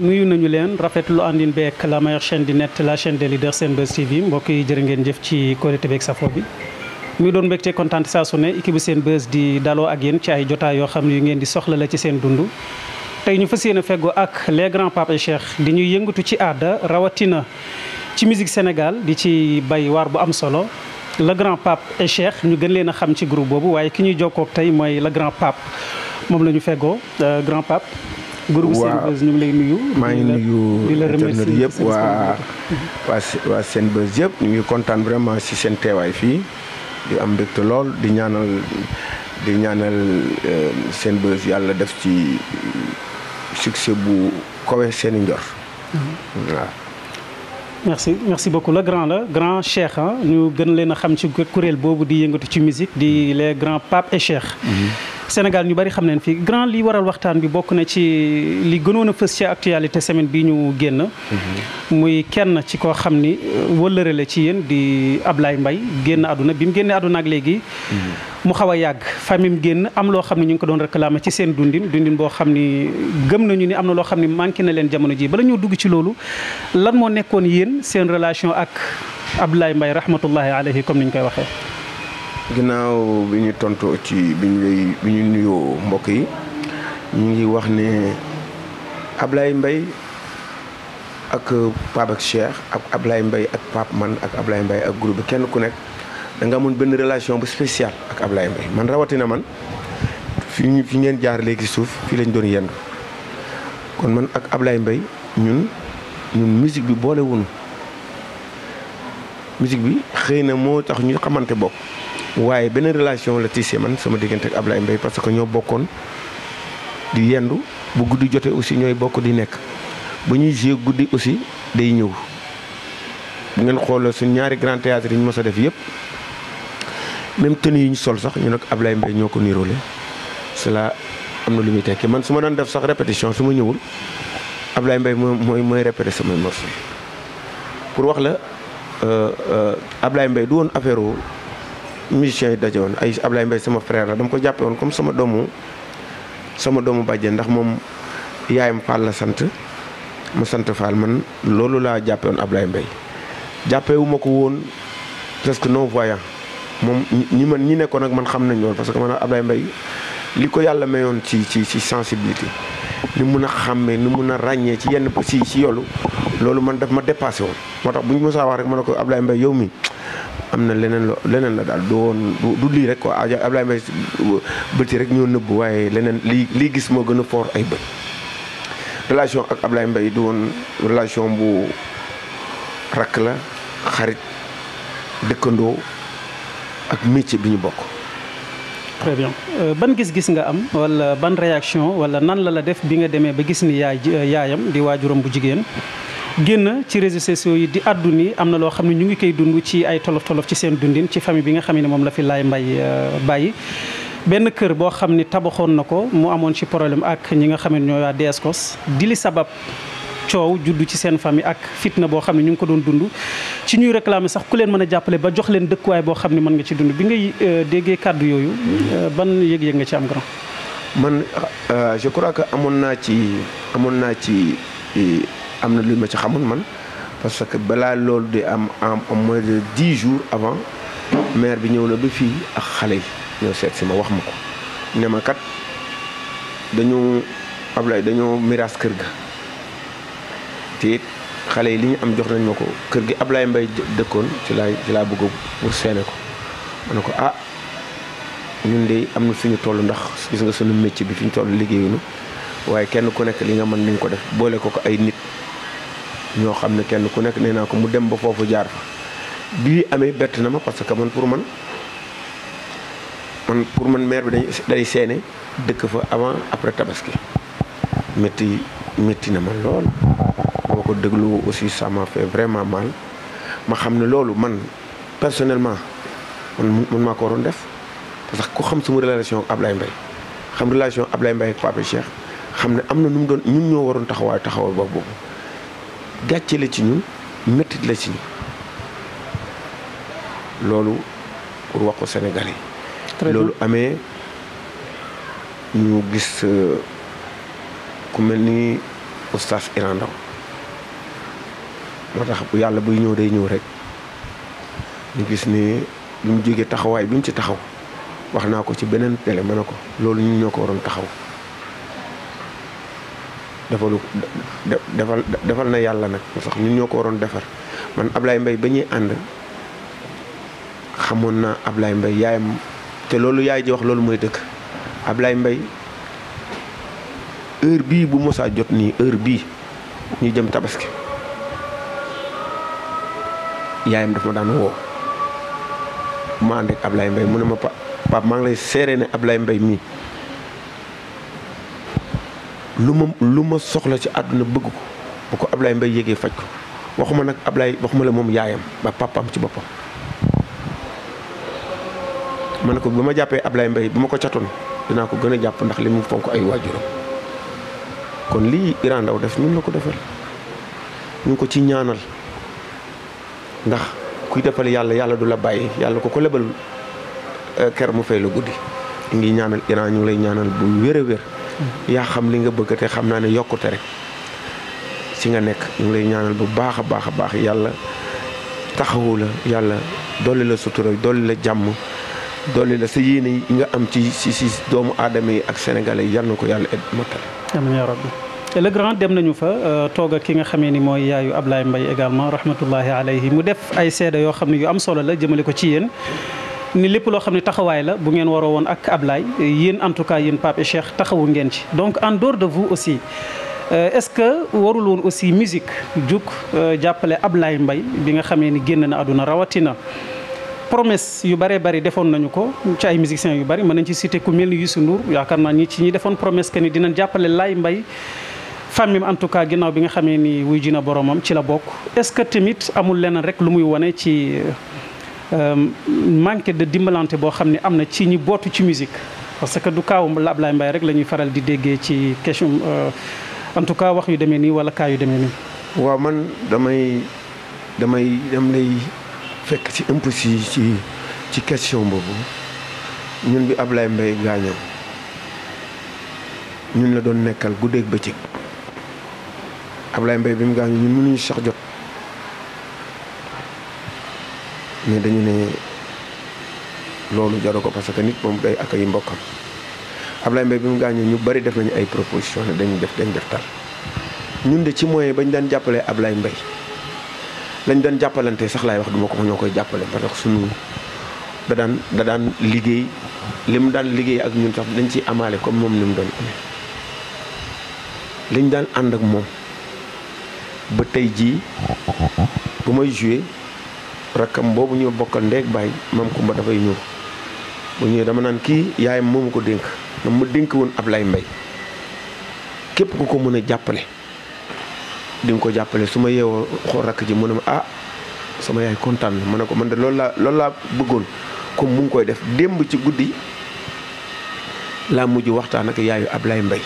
nuyu nañu leen rafetlu àndin beek la meilleure chaîne di net la de des leaders Senbuzz TV mbokk yi jërë ngeen jëf ci korité beeg safo bi muy doon mbégte kontaan saa su ne équipe bu Senbuzz di daloo ak yéen ci ay jotaay yoo xam ne yu ngeen di soxlala ci seen dund tey ñu fas yéene feggoo ak les grands papes et cheikh di ñuy yëngatu ci aada rawatina ci musique senegal di ci bay waar bu am solo la grand pape et cheikh ñu gën leen a xam ci group boobu waaye ki ñuy jokkoog tey mooy le grand pape moom la ñu feggoo euh, groupe Senbuzz ñu ngi lay nuyu. maa ngi nuyu internet yëpp waa waa waa Senbuzz yëpp. ñu ngi kontaan vraiment si seen teewaay fii di am mbégte lool di ñaanal di ñaanal euh, Senbuzz yàlla def ci succès bu kawe seeni i njor mm-hmm. waaw. merci merci beaucoup le grand la grand cheikh ñu gën leen a xam ci kuréel boobu di yëngatu ci musique di mm-hmm. les grands pape et cheikh. Mm-hmm. Sénégal ñu bari xam nañ fii grand li waral waxtaan bi bokk na ci li gënoon a fës ci actualité semaine bi ñu génn. Mm-hmm. muy kenn ci ko xam ni wëllëre la ci yéen di Ablaye mbay génn àdduna bi mu génnee àdduna léegi. mu xaw a yàgg famille génn am loo xam ne ñu ngi ko doon réclamer ci seen dundin dundin boo xam ni gëm nañu ni am na loo xam ne manqué na leen jamono ji bala ñoo dugg ci loolu lan moo nekkoon yéen seen relation ak Abdoulaye Mbaye rahmatullahi alayhi comme ni ñu koy waxee. ginnaaw bi ci ñu lay ñu nuyoo mbokk yi ñu ngi wax ne Abdoulaye mbay ak Pape ak Cheikh ak Abdoulaye Mbaye ak Pape man ak Abdoulaye mbay ak groupe kenn ku nekk. da nga amoon benn relation bu spéciale ak Ablaye mbay man rawatina man fi fi ngeen jaar léegi suuf fii lañ doon yendu kon man ak Ablaye mbay ñun ñun musique bi boole wunu musique bi xëy na moo tax ñu xamante bokk waaye beneen relation la tissé man sama diggante ak Ablaye Mbaye parce que ñoo bokkoon di yendu bu guddi jotee aussi ñooy bokk di nekk bu ñuy jouer guddi aussi day ñëw bu ngeen xooloo suñ ñaari grand théâtre yi ñu mos a def yëpp même tenue yi ñu sol sax ñu nag Ablaye mbay ñoo ko niroole cela am na lu muy tekki man su ma doon def sax répétition su ma ñëwul Ablaye mbay mooy mooy mooy répété samay morceaux pour wax la euh, euh, Ablaye Mbaye du woon affaire wu musiciens daje woon ay Ablaye Mbaye sama frère la dama ko jàppe comme sama doomu sama doomu bàjjen ndax moom yaayam Fall la sant ma sant Fall man loolu laa jàppe woon Ablaye Mbaye jàppewuma ko woon presque non voyant moom ñi man ñi nekkoon ak man xam nañ loolu parce que man Ablaye Mbaye li ko yàlla mayoon ci ci ci sensibilité ni mun a xàmmee ni mun a ràññee ci yenn si si yoolu loolu man daf ma dépassé woon moo tax bu ñu mësaa wax rek ma ne ko Ablaye Mbaye yow mi am na leneen lo leneen la daal du woon du lii rek quoi Ablaye Mbaye bët yi rek ñoo nëbb waaye leneen lii lii gis moo gën a fort ay bët relation ak Ablaye mbay du woon relation bu rakk la xarit dëkkandoo ak métier bi ñu bokk. très bien euh, ban gis-gis nga am walla ban réaction wala nan la la def bi nga demee ba gis ni yaay euh, yaayam di waajuram bu jigéen génn ci réseaux sociaux yi di àddu ni am na loo xam ne ñu ngi koy dund ci ay tolof tolof ci seen dundin ci famille bi nga xam ne moom la fi laay mbay euh, bàyyi. benn kër boo xam ni tabaxoon na ko mu amoon ci problème ak ñi nga xam ne ñooy waa DSCOS dili sabab coow juddu ci seen famille ak fitna boo xam ne ñu ngi ko doon dund ci ñuy réclamer sax ku leen mën a jàppale ba jox leen dëkkuwaay boo xam ne mën nga ci dund bi ngay euh, déggee kàddu yooyu euh, ban yëg-yëg nga ci am grand. man euh, je crois que amoon naa ci amoon naa ci am na lu ma ci xamoon man parce que balaa loolu di am en moins de dix jours avant maire bi ñëw na ba fii ak xale yi ñëw seet si ma wax ma ko ne ma kat dañu Ablaye dañoo miraas kër ga. tiit xale yi li ñu am jox nañ ma ko kër gi ab Ablaye Mbaye dëkkoon ci laay ci laa bëgg pour seene ko ma ne ko ah ñun de am na fi ñu toll ndax gis nga suñu métier bi fi ñu toll liggéeyuñu waaye kenn ku nekk li nga mën nañ ko def boole ko ko ay nit ñoo xam ne kenn ku nekk nee naa ko mu dem ba foofu jaar fa bii amee bett na ma parce que man pour man man pour man maire bi dañ day seene dëkk fa avant après tabaski métti métti na ma lool. ma ko déglu aussi ça m'a fait vraiment mal ma xam ne loolu man personnellement man man maa ko waroon def parce que ku xam suma relation ak Ablaye Mbaye xam relation Ablaye Mbaye ak Pape Cheikh xam ne am na nu mu doon ñun ñoo waroon taxawaay taxawal boobu gàcce la ci ñun méttit la ci ñun loolu pour wax ko Sénégalais loolu amee ñu gis euh, ku mel ni oustaz Iran Ndao moo tax yàlla buy ñëw day ñëw rek ñu gis ni bi mu jógee taxawaay bi mu ci taxaw wax naa ko ci beneen télé ma ne ko loolu ñu ñoo ko waroon taxaw defalu defal defal na yàlla nag sax ñu ñoo ko waroon defar man Ablaye Mbaye ba ñuy ànd xamoon na Ablaye Mbaye yaayam te loolu yaay ji wax loolu mooy dëkk Ablaye Mbaye heure bii bu mosaa jot nii heure bii ñu jëm tabaski yaayam daf ma daan woo ma ànd ak Ablaye Mbaye mu ne ma pa pap maa ngi lay seeree ne Ablaye Mbaye mii lu ma lu ma soxla ci àdduna bëgg ko bu ko Ablaye Mbaye yégee faj ko waxuma nag Ablaye waxuma la moom yaayam ba papam ci boppam ma ne ko ba ma jàppee Ablaye Mbaye bu ma ko catoon dinaa ko gën a jàpp ndax li mu fonk ay waajuram kon lii Iran Ndao def ñun la ko defal ñu ko ci ñaanal ndax kuy defal yàlla yàlla du la bàyyi yàlla ko ko lebal euh, ker mu fay la guddi ngi ñaanal Iran ñu lay ñaanal bu wér a wér mm-hmm. yaa xam li nga bëgg te xam naa ne yokkute rek si nga nekk ñu ngi lay ñaanal bu baax a baax a baax yàlla taxawu la yàlla dolli la sutura dolli la jàmm dolli la sa yéene yi nga am ci si doomu aadama yi ak sénégalais yal na ko yàlla et motale le grand dem nañu fa euh, toog ki nga xamee ni mooy yaayu Ablaye Mbaye également rahmatullahi alayhi mu def ay seede yoo xam ne yu am solo la jëmale ko ci yéen. ni lépp loo xam ne taxawaay la bu ngeen waroo woon ak Ablaye yéen en tout cas yéen Pape et taxawu ngeen ci donc en dehors de vous aussi. Euh, est-ce que warul woon aussi musique jug euh, jàppale Ablaye mbay bi nga xamee ni génn na àdduna rawatina promesse yu bëree bëri defoon nañu ko ci ay musiciens yu bëri mën nañ ci cité ku mel ni Youssou Ndour yaakaar naa ñi ci defoon promesse que ni jàppale Laye Mbaye famille en tout cas ginnaaw bi nga xamee nii wuy ji na boromam ci la bokk est-ce que tamit amul leneen rek lu muy wane ci euh, manque de dimbalante boo xam ne am na ci ñi bootu ci musique parce que du kaaw la Ablaye Mbaye rek lañuy faral di déggee ci question euh, en tout cas wax yu demee nii wala kaa yu deme nii. waaw man damay damay dam fekk ci impôt si ci ci question boobu ñun bi Ablaye Mbaye gaañoo ñun la doon nekkal guddeeg bëccëg. Ablaye Mbaye bi mu gaañu ñun mënuñu sax jot mais dañu ne loolu jaru ko parce que nit moom day ak ay mbokkam Ablaye Mbaye bi mu gaañu ñu bari def nañu ay proposition ne dañuy def dañ def tar ñun de ci moyen bañ daan jàppale Ablaye Mbaye lañ daan jàppalante sax laay wax duma ko ñoo koy jàppale parce que suñu da daan da liggéey li mu daan liggéey ak ñun sax dañ ciy amaale comme moom ni mu doon amee liñ daan ànd ak moom ba tey jii bu may joué rakkam boobu ñu bokkal ndeeg bàyyi maam Kumba dafay ñëw bu ñëwee dama naan kii yaayam moomu ko dénk na ma dénk woon ab lay mbay képp ku ko mën a jàppale di ko jàppale su ma yeewoo xool rakk ji mu ne ma ah sama yaay kontaan na ma ne ko man de loolu laa lool laa bëggoon comme mu ngi koy def démb ci guddi laa mujj waxtaan ak yaayu ab lay mbay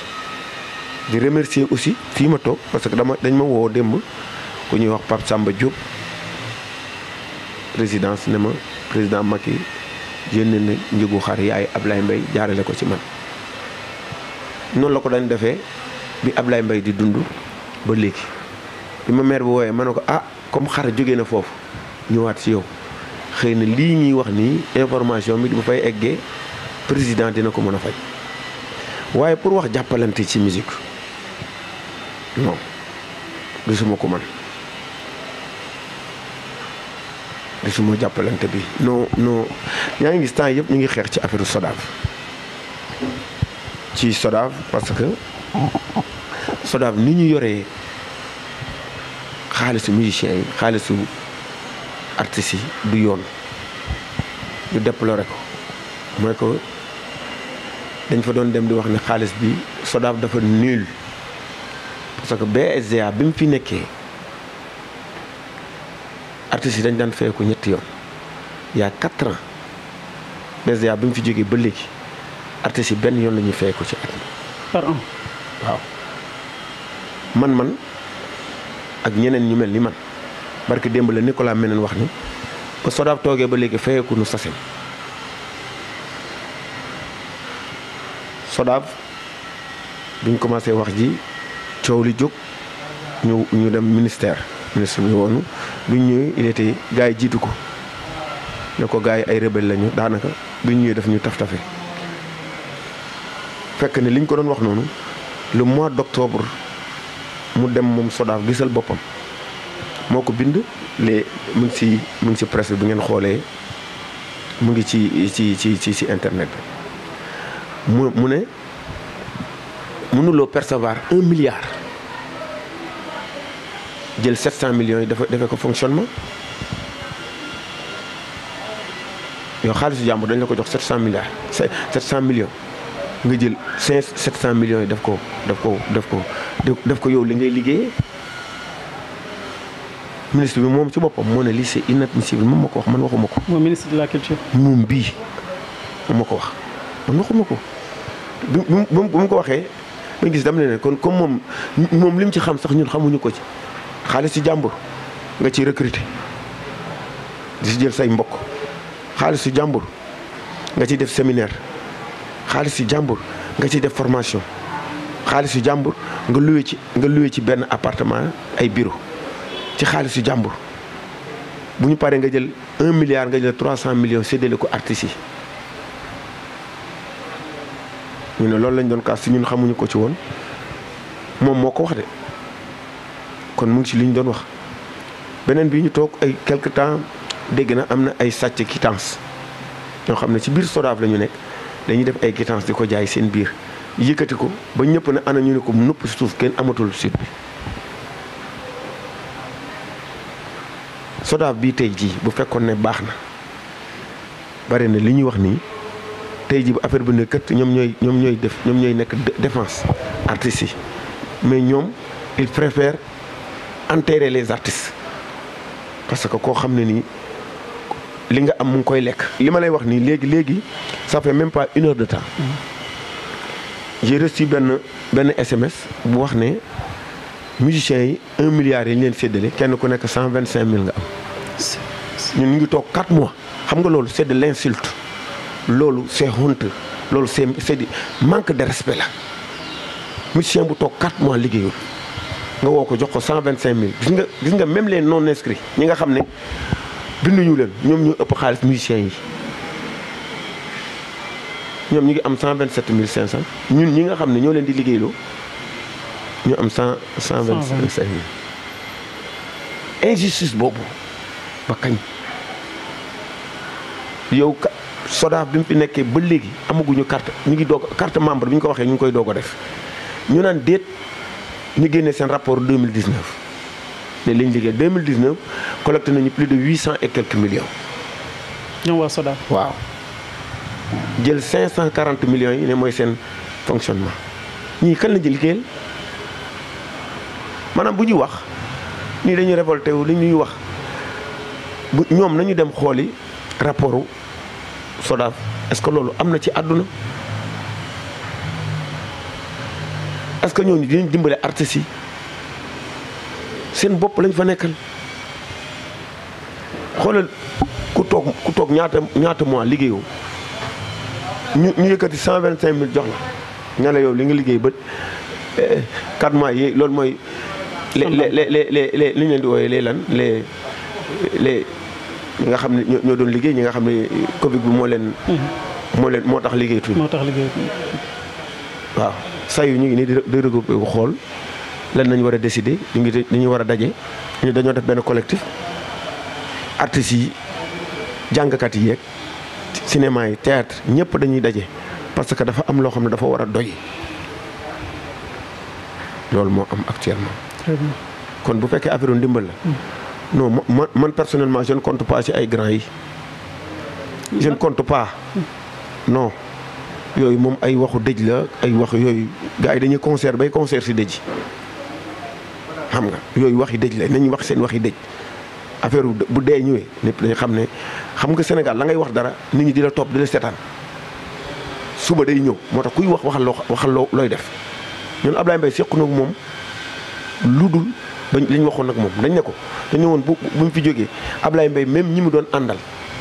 di remercier aussi fii ma toog parce que dama dañ ma woo démb ku ñuy wax par sàmba Diop résidence ne ma président Macky génne na njëgu xar yaay Ablaye mbay jaarale ko ci man noonu la ko dañ defee bi Ablaye mbay di dund ba léegi bi ma maire bi wooyee ma ne ko ah comme xar jóge na foofu ñëwaat ci yow xëy na lii ñuy wax nii information bi bu fay eggee président dina ko mën a faj waaye pour wax jàppalante ci musique du moom gisuma ko man gisuma jàppalante bi non non ñaa ngi gis yëpp ñu ngi xeex ci affaire SODAV ci SODAV parce que SODAV ni ñu yoree xaalisu musiciens yi xaalisu artistes yi du yoon ñu deplore ko mooy que dañ fa doon dem di wax ne xaalis bi SODAV dafa nul parce que BSDA bi mu fi nekkee artistes yi dañ daan feeku ñetti yoon y' a quatre bi mu fi jógee ba léegi artistes yi benn yoon la ñuy feeku ci at mi. par an waaw man man ak ñeneen ñu mel ni man barke démb la Nicolas meneen wax ni ba Sodaab toogee ba léegi feeku nu sasem Sodaab bi ñu commencé wax ji. coow li jóg ñu ñu dem ministère ministre bi woonu bi ñu ñëwee il était gars yi jiitu ko ne ko gars yi ay rebelle lañu daanaka bu ñu ñëwee daf ñu taf tafe fekk ne li ñu ko doon wax noonu le mois d'octobre mu dem moom Sodaaf gisal boppam moo ko bind les mu ngi si mu ngi si presse bi ngeen xoolee mu ngi ci ci ci ci ci internet bi mu mu ne mënuloo percevoir un milliard jël 700 millions yi dafa defee ko fonctionnement yow xaalisu jàmbur dañ la ko jox 700 milliards 700 millions nga jël 5 700 millions yi def ko def ko def ko def ko yow li ngay liggéeyee ministre bi moom ci boppam moom ne lii c'est inadmissible moom ma ko wax man waxuma ko. moom ministre de la culture. moom bii ma ko wax man waxuma ko bi bi mu ko waxee bañ gis dama ne kon comme moom moom li mu ci xam sax ñun xamuñu ko ci. xaalis ci jàmbur nga ciy recruter di si jël say mbokk xaalis ci jàmbur nga ciy def séminaire xaalis ci jàmbur nga ciy def formation xaalis ci jàmbur nga loué ci nga loué ci benn appartement ay bureau ci xaalis ci jàmbur bu ñu paree nga jël un milliard nga jël trois cent millions séddale ko artistes yi. ñu ne loolu lañ doon kaas si ñun xamuñu ko ci woon moom moo ko wax de. kon mu ngi ci li ñu doon wax beneen bi ñu toog ay quelque temps dégg na am na ay sàcc quittance ñoo xam ne ci biir Sodav lañu nekk dañuy def ay quittance di ko jaay seen biir yëkkati ko ba ñëpp na ana ñu ne ko nupp si suuf kenn amatul sud bi Sodav bii tey jii bu fekkoon ne baax na bari na li ñuy wax nii tey jii bu affaire bi ne ñoom ñooy ñoom ñooy def ñoom ñooy nekk défense artistes si mais ñoom il préfère enterrer les artistes parce que koo xam ne nii li nga am mu ngi koy lekk. li ma lay wax nii léegi léegi ça fait même pas une heure de temps mm-hmm. j'ai reçu benn benn SMS bu wax ne musiciens yi un milliard yi leen séddale kenn ku nekk cent vingt cinq mille nga am. ñun ñu ngi toog quatre mois xam nga loolu c'est de l'insulte loolu c'est honte loolu c'est c'est manque de respect la musicien bu toog quatre mois liggéeyul. nga woo ko jox ko mil gis nga gis nga même les non inscrits ñi nga xam ne binduñu leen ñoom ñu ëpp xaalis musiciens yi ñoom ñu ngi am 127500 ñun ñi nga xam ne ñoo leen di liggéeyloo ñu am cent 100 125000 injustice boobu ba kañ yow ka SODAV bi mu fi nekkee ba léegi amaguñu carte ñu ngi doog carte membre bi ñu ko waxee ñu ngi koy doog a def ñu naan déet ñu génne seen rapport 2019 ne li ñu liggéey 2019 collecté nañu plus de huit cent et quelques ñoom waa Soda. waaw jël cinq cent quarante millions yi ne mooy seen fonctionnement ñii kan la jël liggéeyal maanaam bu ñuy wax nii dañuy révolté wu li ñuy wax bu ñoom nañu dem xooli rapportu Soda est-ce que loolu am na ci àdduna. est-ce que ñooñu dinañ dimbale artistes yi seen bopp lañu fa nekkal xoolal ku toog ku toog ñaata ñaata mois liggéeyoo ñu ñu yëkkati cent vingt cinq mille jox la ña yow li nga liggéey ba eh, quatre yi loolu mooy. le les les les li ñu leen di wooyee les lan les les ñi nga xam ne ñoo doon liggéey ñi nga xam ne Covid bi moo leen. Mm-hmm. moo leen moo tax liggéeyatuñu. moo tax liggéeyatuñu waaw. saa yu ñu ngi nii di di regroupé xool lan nañ war a décider ñu ngi dañuy war a daje ñu dañoo def benn collectif artistes yi jàngkat yi yeeg cinéma yi théâtre ñëpp dañuy daje parce que dafa am loo xam ne dafa war a doy loolu moo am actuellement. kon bu fekkee affaire ndimbal la. Hmm. non man man personnellement je ne compte pas ci ay grands yi. je ne compte pas hmm. non. yooyu moom ay waxu dëj la ay wax yooyu gars yi dañuy concert bay concert si dëj xam nga yooyu waxi dëj la nañu wax seen waxi dëj affaire bu dee ñëwee lépp dañu xam ne xam nga Sénégal la ngay wax dara nit ñi di la topp di la seetaan suba day ñëw moo tax kuy wax waxal loo waxal looy def ñun Ablaye Mbaye seq na moom lu dul bañ li ñu waxoon nag moom dañ ne ko dañu woon bu bu ñu fi jógee ab lay Mbaye même ñi mu doon àndal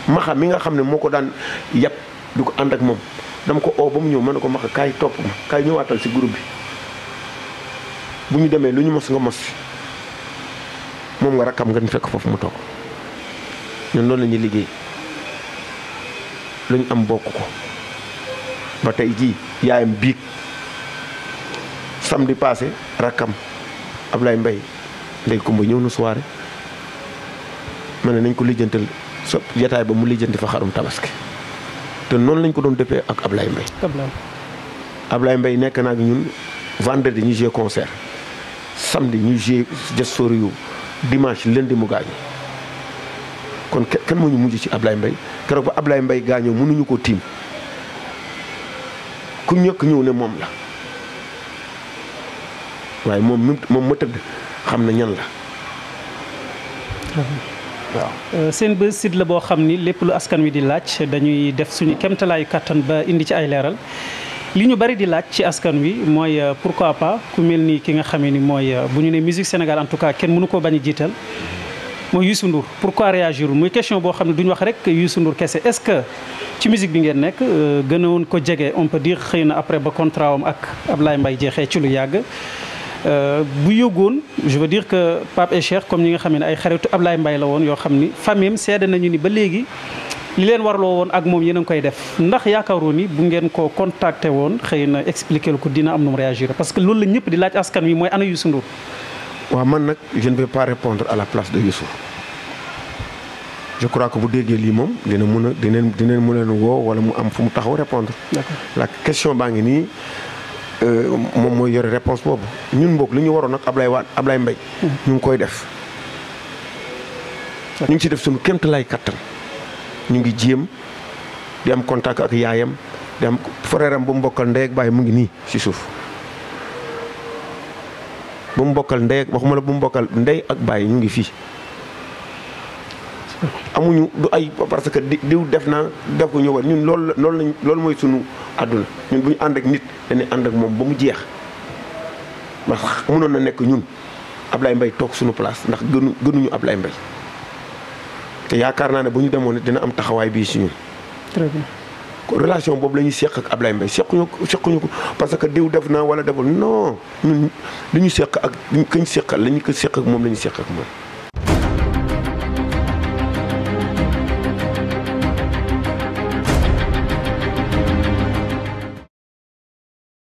maxa mi nga xam ne moo ko daan yàpp du ko ànd ak moom. dama ko oo ba mu ñëw man na ko max kaay topp ma kaay ñëwaatal si groupe bi bu ñu demee lu ñu mos nga mos moom nga rakkam nga fekk foofu mu toog ñun loolu la ñuy liggéey lu ñu am bokk ko ba tey jii yaayam biig samedi passé rakkam lay mbay ndey kumba ñëw na soirée ma ne nañ ko lijjantal so jataay ba mu lijjanti fa xarum tabaski te noonu lañ ko doon defee ak Ablaye Mbaye. Ablaye mbay nekk naa ak ñun vendredi ñu joué concert samedi ñu joué gestor yu leen di mu gaañu kon kenn moo ñu mujj ci Ablaye Mbaye keroog ba Ablaye Mbaye gaañoo mënuñu ko tiim ku ñëkk ñëw ne moom la waaye moom moom ma tëdd xam na ñan la. waaw euh, seen bës site la boo xam ni lépp lu askan wi di laaj dañuy def suñu kemtalaayu kàttan ba indi ci ay leeral li ñu bari di laaj ci askan wi mooy euh, pourquoi pas ku mel nii ki nga xamee ni mooy euh, bu ñu ne musique Sénégal en cas kenn mënu koo bañ jiital mooy Youssou Ndour pourquoi réagir muy question boo xam ne duñu wax rek Youssou Ndour kese est-ce que ci musique bi ngeen nekk woon ko jege on peut dire xëy na après ba contrat am ak Ablaye mbay jeexee ci lu yàgg. Euh, bu yëgoon je veux dire que Pape et Cheikh comme ñi nga xam ne ay xaritu Ablaye mbay la woon yoo xam ni famille seede nañu ni ba léegi li leen warloo woon ak moom yéen a koy def ndax yaakaaroon ni bu ngeen ko contacté woon xëy na expliqué ko dina am nu mu réagir parce que loolu la ñëpp di laaj askan wi mooy ana Youssou Ndour. waaw man nag je ne vais pas répondre à la place de Youssou je crois que bu déggee lii moom dina mun a dinañ dinañ mun leen woo wala mu am fu mu taxaw répondre la question baa ngi nii. Euh, moom mooy yore réponse boobu ñun boog lu ñu waroon nag Ablaye Wade Ablaye Mbaye ñu ngi koy def ñu ngi ci def suñu kemt lay kattan ñu ngi jéem di am contact ak yaayam di am frère am ba mu bokkal ndey ak baay mu ngi nii ci suuf ba mu bokkal ndey ak waxuma la ba ak baay ñu ngi fii amuñu du ay parce que diw def naa def ko ñëwal ñun loolu loolu mooy sunu àdduna ñun bu ñu ànd ak nit dañuy ànd ak moom ba mu jeex ndax mënoon na nekk ñun Ablaye mbay toog suñu place ndax gënu gënuñu ab Ablaye mbay te yaakaar naa ne bu ñu demoon dina am taxawaay bii si ñun. très relation boobu la ñuy seq ak Ablaye Mbaye sequñu ko sequñu ko parce que diw def naa wala deful non ñun li ñu seq ak kañ seqal la ñu ko seq ak moom la ñu seq ak moom.